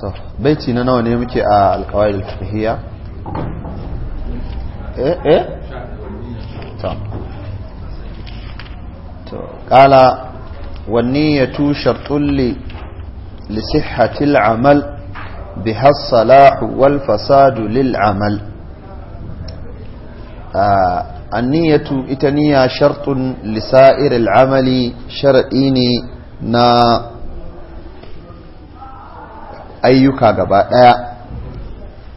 to baiti na nawa ne muke a alkawai da fiqhiyya eh eh qala wan niyyatu shartun li li sihhati al-amal biha as-salah wal fasadu lil amal an-niyyatu ita niyya shartun li sa'ir al-amali na ayyuka gaba ɗaya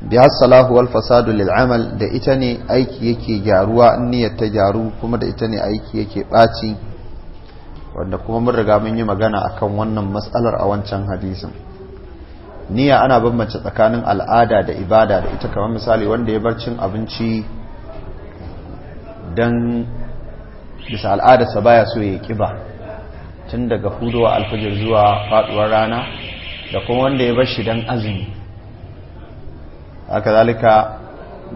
biyar salahu wal fasadu lil amal da ita ne aiki yake gyaruwa niyyar ta gyaru kuma da ita ne aiki yake ɓaci wanda kuma mun riga mun yi magana akan wannan matsalar a wancan hadisin niyya ana bambance tsakanin al'ada da ibada da ita kamar misali wanda ya bar cin abinci don bisa al'adarsa baya so ya kiba tun daga hudowa alfajir zuwa faduwar rana da kuma wanda ya bashi don azumi haka zalika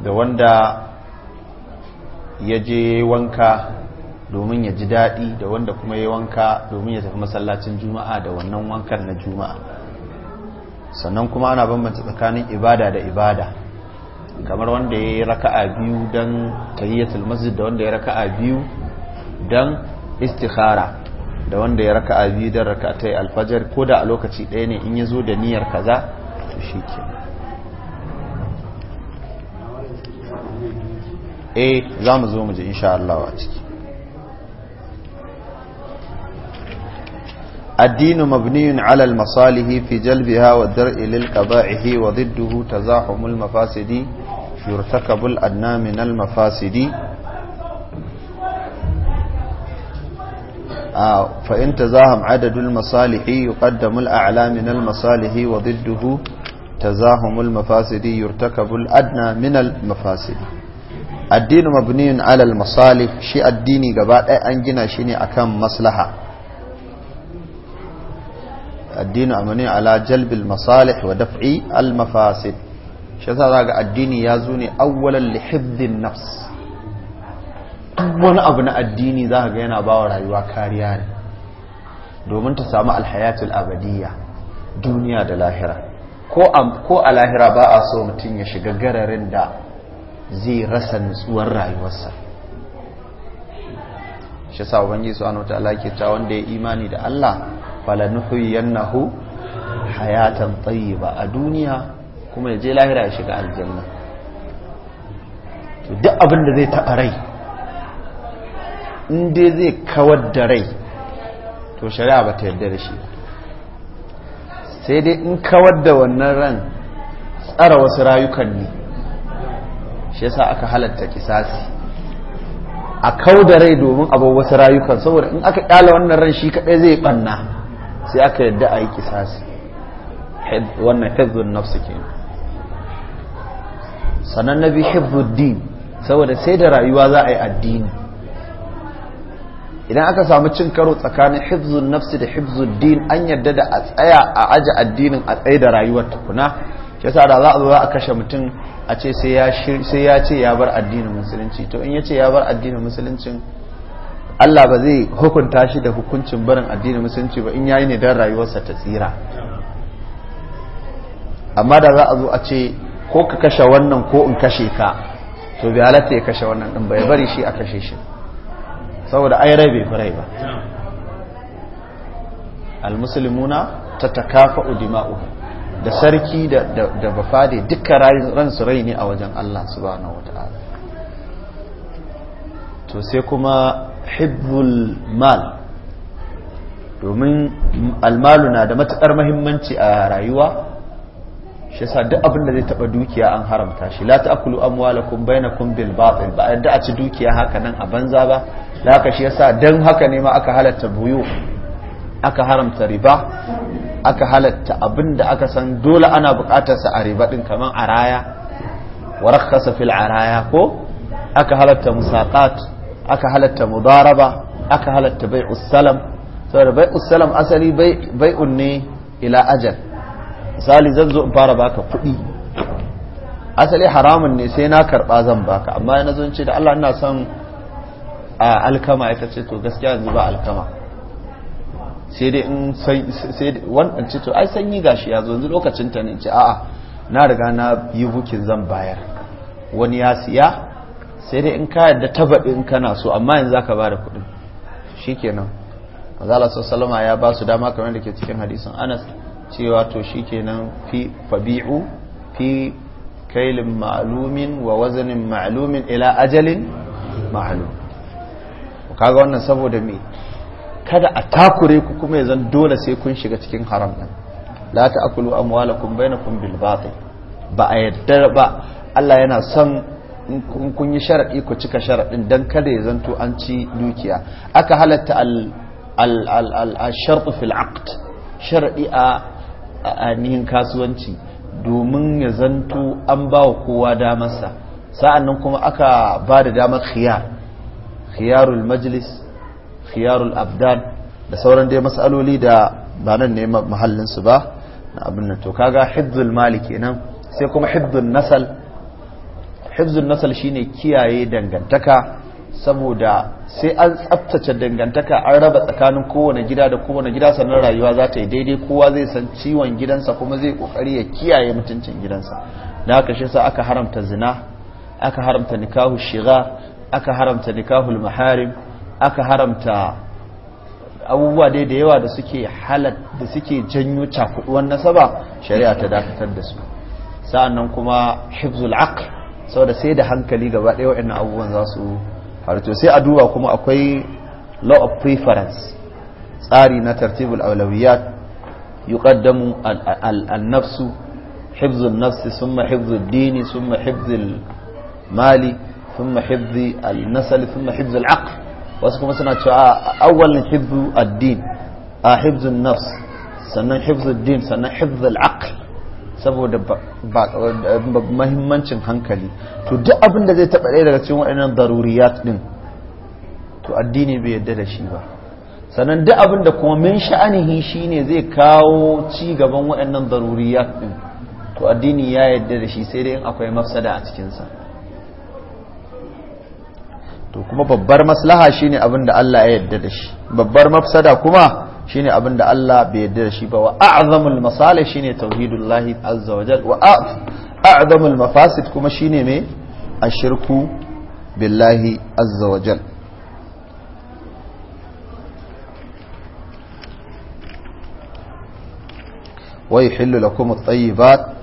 da wanda ya je wanka domin ya ji daɗi da wanda kuma ya wanka domin ya tafi masallacin juma'a da wannan wankan na juma'a sannan kuma ana bambanta tsakanin ibada da ibada kamar wanda ya yi raka'a biyu don tayyatul masjid da wanda ya raka'a biyu don istihara. da wanda ya raka a biyu don raka ta yi alfajar ko da a lokaci ɗaya ne in ya zo da niyyar kaza to shi ke eh za mu zo mu ji insha Allah wa ciki الدين مبني على المصالح في جلبها والدرء للقبائح وضده تزاحم المفاسد يرتكب الأدنى من المفاسد فإن تزاهم عدد المصالح يقدم الأعلى من المصالح وضده تزاهم المفاسد يرتكب الأدنى من المفاسد الدين مبني على المصالح شيء الدين قبات أنجنا شيني أكام مصلحة الدين مبني على جلب المصالح ودفع المفاسد شيء الدين يازوني أولا لحفظ النفس duk wani abu na addini za ga yana bawa rayuwa kariya ne domin ta samu alhayatul abadiyya duniya da lahira ko a lahira ba a so mutum ya shiga gararin da zai rasa nutsuwar rayuwarsa shi sabon yi su an wata alaƙita wanda ya imani da Allah yannahu. hayatan ba a duniya kuma ya je lahira ya shiga aljanna to duk abin da zai taɓa rai in dai zai kawar da rai to shari'a ba ta yarda da shi sai dai in kawar da wannan ran tsara wasu rayukan ne shi yasa aka halatta kisasi a kau da rai domin abu wasu rayukan saboda in aka kyala wannan ran shi kaɗai zai banna sai aka yarda a yi kisasi wannan na su ke sannan na bi hezbun din saboda sai da rayuwa za a yi addini idan aka samu cin karo tsakanin hifzun nafsi da hifzun din an yadda da a tsaya a aji addinin a tsaye da rayuwar tukuna shi sa da za a zo za a kashe mutum a ce sai ya ce ya bar addinin musulunci to in ya ce ya bar addinin musuluncin Allah ba zai hukunta shi da hukuncin barin addinin musulunci ba in ya yi ne don rayuwarsa ta tsira amma da za a zo a ce ko ka kashe wannan ko in kashe ka to bi halatta ya kashe wannan din bai bari shi a kashe shi saboda ai rai bai farai ba almusulmuna ta takafa udima'u da sarki da bafade duka ransu rai ne a wajen Allah subhanahu wata'ala to sai kuma hibbul mal domin almalu na da matukar mahimmanci a rayuwa shi yasa duk abin da zai taba dukiya an haramta shi la ta'kulu amwalakum bainakum bil batil ba yadda a ci dukiya haka nan a banza ba ka shi yasa dan haka ne ma aka halatta buyu aka haramta riba aka halatta abin da aka san dole ana bukatar sa a riba din kaman araya wa rakhasa fil araya ko aka halatta musaqat aka halatta mudaraba aka halatta bai'us salam saboda bai'us salam asali bai'un ne ila ajal misali zan zo in fara baka kuɗi asali haramun ne sai na karba zan baka amma yana zan ce da Allah ina son a alkama ya ce to gaskiya yanzu ba alkama sai dai in sai wannan ce to ai sanyi gashi ya zo yanzu lokacin ta ne ce a'a na riga na yi bukin zan bayar wani ya siya sai dai in ka yadda tabaɗi in kana so amma yanzu zaka ba da kuɗin shikenan Allah sallallahu alaihi wasallam ya ba su dama kamar da ke cikin hadisin Anas cewa to shi kenan fi fabi'u fi kailin ma'alumin wa wazanin ma'alumin ila ajalin ma'alum kaga wannan saboda me kada a takure ku kuma yanzu dole sai kun shiga cikin haram din la ta'kulu amwalakum bainakum bil batil ba a yadda ba Allah yana son in kun yi sharadi ku cika sharadin dan kada ya zanto an ci dukiya aka halatta al al al al shartu fil aqd sharadi a ainihin kasuwanci domin ya zanto an ba wa kowa damarsa sa'annan kuma aka ba da damar khiyar khiyarul majlis khiyarul abdan da sauran dai matsaloli da ba nan ne mahallinsu ba na abin nan to kaga hibzul maliki nan sai kuma hibzul nasal hibzul nasal shine kiyaye dangantaka saboda sai an tsaftace dangantaka an raba tsakanin kowane gida da kowane gida sannan rayuwa za ta yi daidai kowa zai san ciwon gidansa kuma zai kokari ya kiyaye mutuncin gidansa na aka shi sa aka haramta zina aka haramta nikahu shiga aka haramta nikahu maharim aka haramta abubuwa dai da yawa da suke halat da suke janyo cakuduwan nasaba shari'a ta dakatar da su sa'annan kuma hifzul aql saboda sai da hankali gaba ɗaya wa'annan abubuwan za su harto sai a duba kuma akwai law of preference tsari na tartibul awlawiyat yuqaddamu an-nafsu حفظ النفس ثم حفظ الدين ثم حفظ المال ثم حفظ النسل ثم حفظ العقل واسكم سنة أولا حفظ الدين حفظ النفس سنة حفظ الدين سنة حفظ العقل saboda mahimmancin hankali to duk abin da zai taɓa ɗaya daga cikin waɗannan daruriyat ɗin to addini bai yadda da shi ba sannan duk abin da kuma min sha'anihi shine zai kawo ci gaban waɗannan daruriyat ɗin to addini ya yadda da shi sai dai in akwai mafsada a cikinsa to kuma babbar maslaha shine abin da Allah ya yadda da shi babbar mafsada kuma shine abin da Allah bai yarda da shi ba wa a'zamul masalih shine tauhidullahi azza wajal wa a'zamul mafasid kuma shine me ashirku billahi azza wajal wa yuhillu lakum at-tayyibat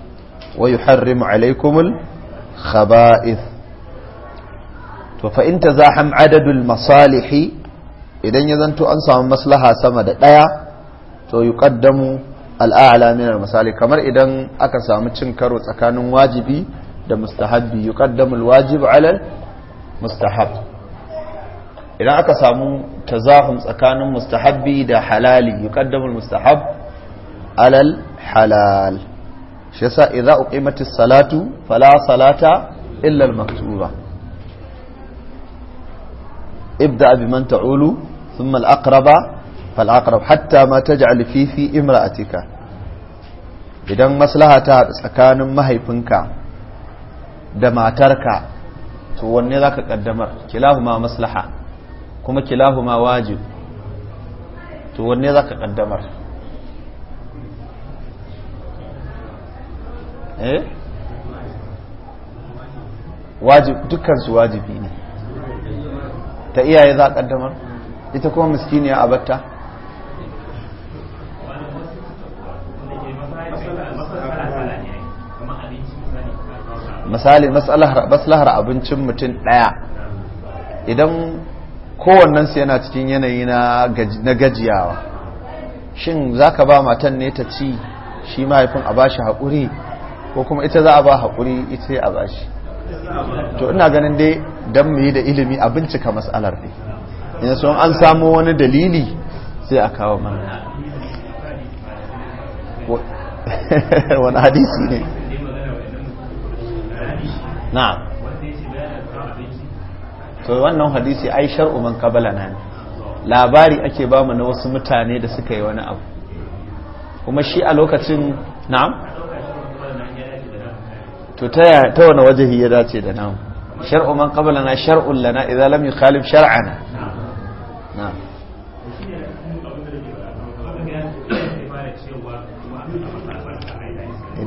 wa yuharrimu alaykum al to fa in tazaham adadul masalihi idan ya zanto an samu maslaha sama da ɗaya to yi ƙaddamu al'a'ala minar misali kamar idan aka samu cin karo tsakanin wajibi da mustahabbi yi ƙaddamu wajib alal mustahab idan aka samu tazahun tsakanin mustahabbi da halali yi ƙaddamu mustahab alal halal shi yasa idza uqimatis salatu fala salata illa al-maktuba ابدأ بمن تعول ثم الأقرب فالأقرب حتى ما تجعل فيه في امرأتك idan maslaha ta tsakanin mahaifinka da matarka to wanne za ka ƙaddamar kilahuma maslaha kuma kilahuma wajib to wanne za ka ƙaddamar wajib dukkansu wajibi ne ta za ƙaddamar ita kuma miskiniya a batta misali maslahar abincin mutum ɗaya idan kowannensu yana cikin yanayi na gajiyawa shin za ka ba matan ne ta ci shi mahaifin a bashi haƙuri ko kuma ita za a ba haƙuri ita a bashi to ina ganin dai don mu yi da ilimi abinci ka matsalar ne in sun an samu wani dalili sai a kawo mana wani hadisi ne na to wannan hadisi ai shar'u man kabala na labari ake ba mu na wasu mutane da suka yi wani abu kuma shi a lokacin na'am to ta ta wani wajahi ya dace da namu shar'u man na shar'un lana idza lam yukhalif shar'ana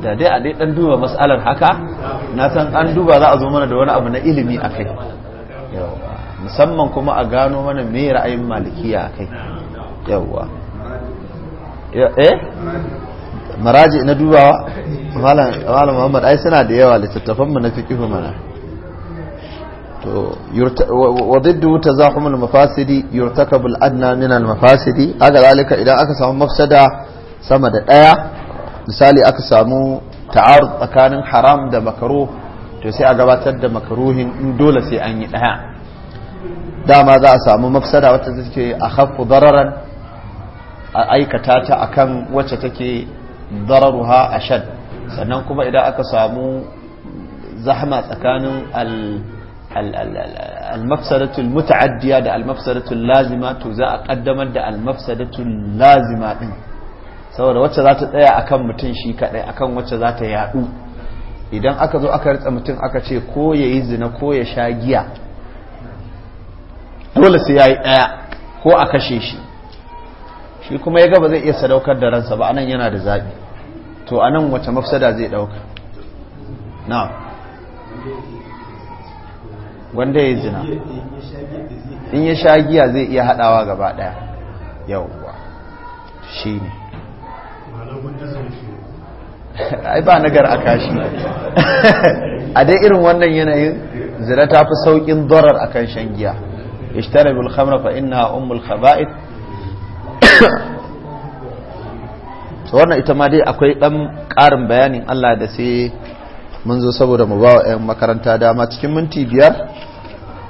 da dai a dai dan duba mas'alan haka na san an duba za a zo mana da wani abu na ilimi a kai musamman kuma a gano mana me ra'ayin malikiya a kai yawwa eh maraji na dubawa malam muhammad ai suna da yawa littattafanmu na fiqh mana to wa diddu tazahumul mafasidi yurtakabul adna min al mafasidi aga zalika idan aka samu mafsada sama da daya misali aka samu ta'arud tsakanin haram da makaruh to sai a gabatar da makaruhin in dole sai an yi daya dama za a samu mafsada wacce take akhaffu dararan a aikata ta akan wacce take dararuha ashad sannan kuma idan aka samu zahma tsakanin al almafsadatul muta'addiya da almafsadatul lazima to za a kaddamar da almafsadatul lazima din saboda wacce za ta tsaya akan mutum shi kadai akan wacce za ta yadu idan aka zo aka ritsa mutum aka ce ko ya yi zina ko ya sha giya dole sai ya yi ɗaya ko a kashe shi shi kuma ya ga ba zai iya sadaukar da ransa ba anan yana da zaɓi to anan wace mafsada zai ɗauka na gwanda ya zina in ya sha giya zai iya haɗawa gaba ɗaya yauwa shi ne ai ba nagar a kashi a dai irin wannan yanayin zina ta fi sauƙin dorar a kan shan giya ishtara bil khamra fa inna ummul khaba'ith wannan ita ma dai akwai ɗan ƙarin bayanin Allah da sai mun zo saboda mu ba wa 'yan makaranta dama cikin minti biyar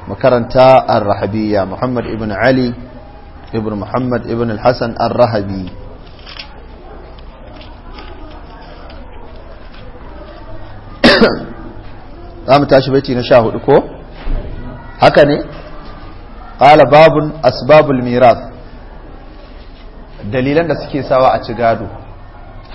makaranta ar-rahabiyya muhammad ibn ali ibn muhammad ibn al-hassan rahabi za mu tashi baiti na sha hudu ko haka ne ƙala babun asbabul miras. dalilan da suke sawa a ci gado